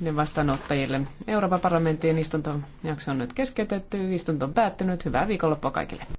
ne vastaanottajille. Euroopan parlamentin istuntojakso on nyt keskeytetty, istunto on päättynyt. Hyvää viikonloppua kaikille.